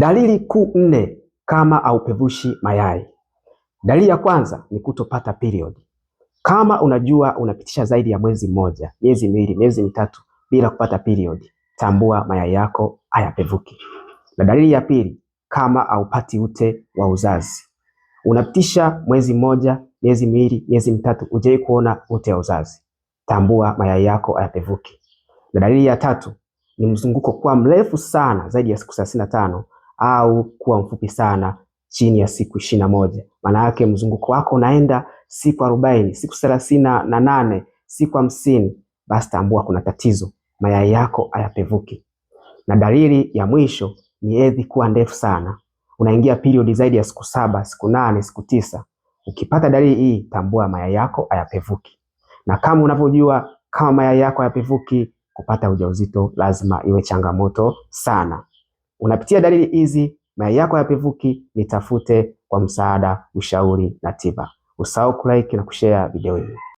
Dalili kuu nne kama haupevushi mayai. Dalili ya kwanza ni kutopata period. Kama unajua unapitisha zaidi ya mwezi mmoja, miezi miwili, miezi mitatu bila kupata period, tambua mayai yako hayapevuki. Na dalili ya pili, kama haupati ute wa uzazi, unapitisha mwezi mmoja, miezi miwili, miezi mitatu hujai kuona ute wa uzazi, tambua mayai yako hayapevuki. Na dalili ya tatu ni mzunguko kuwa mrefu sana zaidi ya siku thelathini na tano au kuwa mfupi sana chini ya siku ishirini na moja. Maana yake mzunguko wako unaenda siku arobaini, siku thelathini na nane, siku hamsini, basi tambua kuna tatizo, mayai yako hayapevuki. Na dalili ya mwisho ni hedhi kuwa ndefu sana, unaingia period zaidi ya siku saba, siku nane, siku tisa. Ukipata dalili hii, tambua mayai yako hayapevuki. Na kama unavyojua, kama mayai yako hayapevuki, kupata ujauzito lazima iwe changamoto sana unapitia dalili hizi, mayai yako yapevuki, nitafute kwa msaada, ushauri na tiba. Usahau kulike na kushare video hii.